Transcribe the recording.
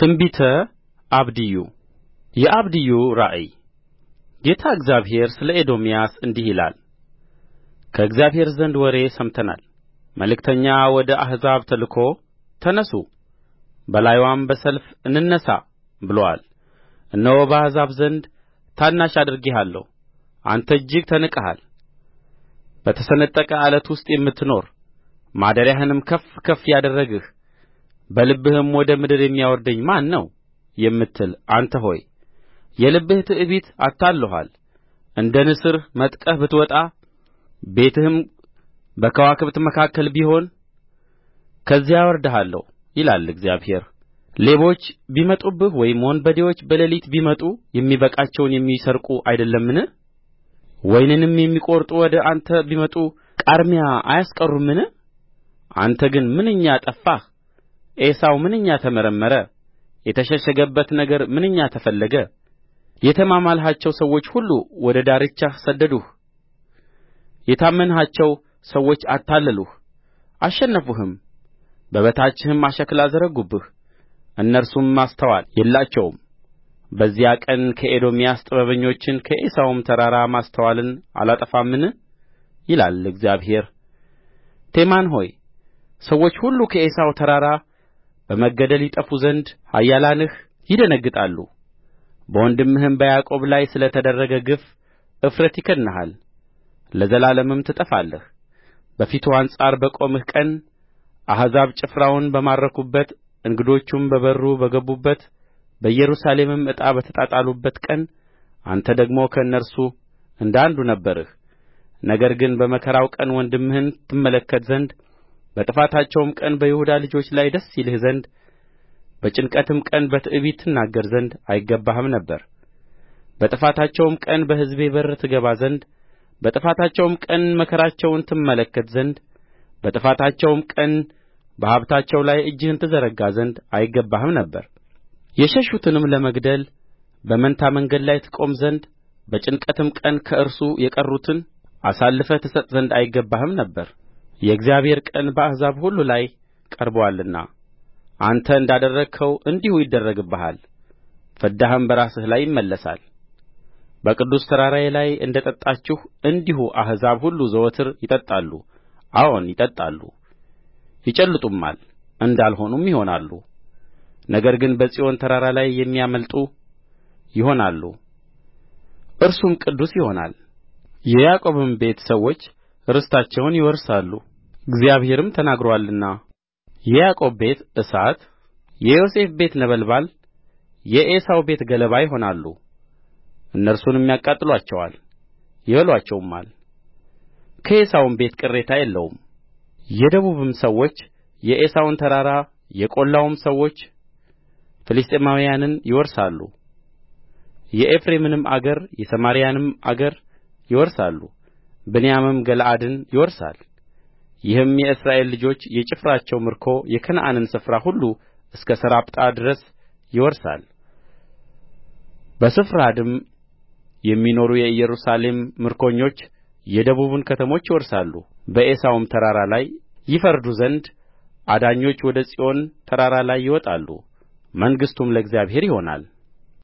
ትንቢተ አብድዩ የአብድዩ ራእይ ጌታ እግዚአብሔር ስለ ኤዶምያስ እንዲህ ይላል ከእግዚአብሔር ዘንድ ወሬ ሰምተናል መልእክተኛ ወደ አሕዛብ ተልኮ ተነሡ በላይዋም በሰልፍ እንነሣ ብሎአል እነሆ በአሕዛብ ዘንድ ታናሽ አድርጌሃለሁ አንተ እጅግ ተንቀሃል በተሰነጠቀ ዓለት ውስጥ የምትኖር ማደሪያህንም ከፍ ከፍ ያደረግህ በልብህም ወደ ምድር የሚያወርደኝ ማን ነው የምትል አንተ ሆይ የልብህ ትዕቢት አታልሎሃል እንደ ንስር መጥቀህ ብትወጣ ቤትህም በከዋክብት መካከል ቢሆን ከዚያ አወርድሃለሁ ይላል እግዚአብሔር ሌቦች ቢመጡብህ ወይም ወንበዴዎች በሌሊት ቢመጡ የሚበቃቸውን የሚሰርቁ አይደለምን ወይንንም የሚቈርጡ ወደ አንተ ቢመጡ ቃርሚያ አያስቀሩምን አንተ ግን ምንኛ ጠፋህ ዔሳው ምንኛ ተመረመረ የተሸሸገበት ነገር ምንኛ ተፈለገ የተማማልሃቸው ሰዎች ሁሉ ወደ ዳርቻህ ሰደዱህ የታመንሃቸው ሰዎች አታለሉህ አሸነፉህም በበታችህም አሽክላ ዘረጉብህ እነርሱም ማስተዋል የላቸውም በዚያ ቀን ከኤዶምያስ ጥበበኞችን ከዔሳውም ተራራ ማስተዋልን አላጠፋምን ይላል እግዚአብሔር ቴማን ሆይ ሰዎች ሁሉ ከዔሳው ተራራ በመገደል ይጠፉ ዘንድ ኃያላንህ ይደነግጣሉ በወንድምህም በያዕቆብ ላይ ስለ ተደረገ ግፍ እፍረት ይከድንሃል ለዘላለምም ትጠፋለህ በፊቱ አንጻር በቆምህ ቀን አሕዛብ ጭፍራውን በማረኩበት እንግዶቹም በበሩ በገቡበት በኢየሩሳሌምም ዕጣ በተጣጣሉበት ቀን አንተ ደግሞ ከእነርሱ እንደ አንዱ ነበርህ ነገር ግን በመከራው ቀን ወንድምህን ትመለከት ዘንድ በጥፋታቸውም ቀን በይሁዳ ልጆች ላይ ደስ ይልህ ዘንድ በጭንቀትም ቀን በትዕቢት ትናገር ዘንድ አይገባህም ነበር በጥፋታቸውም ቀን በሕዝቤ በር ትገባ ዘንድ በጥፋታቸውም ቀን መከራቸውን ትመለከት ዘንድ በጥፋታቸውም ቀን በሀብታቸው ላይ እጅህን ትዘረጋ ዘንድ አይገባህም ነበር የሸሹትንም ለመግደል በመንታ መንገድ ላይ ትቆም ዘንድ በጭንቀትም ቀን ከእርሱ የቀሩትን አሳልፈህ ትሰጥ ዘንድ አይገባህም ነበር የእግዚአብሔር ቀን በአሕዛብ ሁሉ ላይ ቀርቦአልና አንተ እንዳደረግኸው እንዲሁ ይደረግብሃል ፍዳህም በራስህ ላይ ይመለሳል በቅዱስ ተራራዬ ላይ እንደ ጠጣችሁ እንዲሁ አሕዛብ ሁሉ ዘወትር ይጠጣሉ አዎን ይጠጣሉ ይጨልጡማል እንዳልሆኑም ይሆናሉ ነገር ግን በጽዮን ተራራ ላይ የሚያመልጡ ይሆናሉ እርሱም ቅዱስ ይሆናል የያዕቆብም ቤት ሰዎች ርስታቸውን ይወርሳሉ እግዚአብሔርም ተናግሮአልና የያዕቆብ ቤት እሳት የዮሴፍ ቤት ነበልባል የዔሳው ቤት ገለባ ይሆናሉ እነርሱንም ያቃጥሉአቸዋል ይበሉአቸውማል ከዔሳውም ቤት ቅሬታ የለውም የደቡብም ሰዎች የዔሳውን ተራራ የቈላውም ሰዎች ፍልስጥኤማውያንን ይወርሳሉ የኤፍሬምንም አገር የሰማርያንም አገር ይወርሳሉ ብንያምም ገለዓድን ይወርሳል ይህም የእስራኤል ልጆች የጭፍራቸው ምርኮ የከነዓንን ስፍራ ሁሉ እስከ ሰራጵታ ድረስ ይወርሳል በስፋራድም የሚኖሩ የኢየሩሳሌም ምርኮኞች የደቡብን ከተሞች ይወርሳሉ በዔሳውም ተራራ ላይ ይፈርዱ ዘንድ አዳኞች ወደ ጽዮን ተራራ ላይ ይወጣሉ መንግሥቱም ለእግዚአብሔር ይሆናል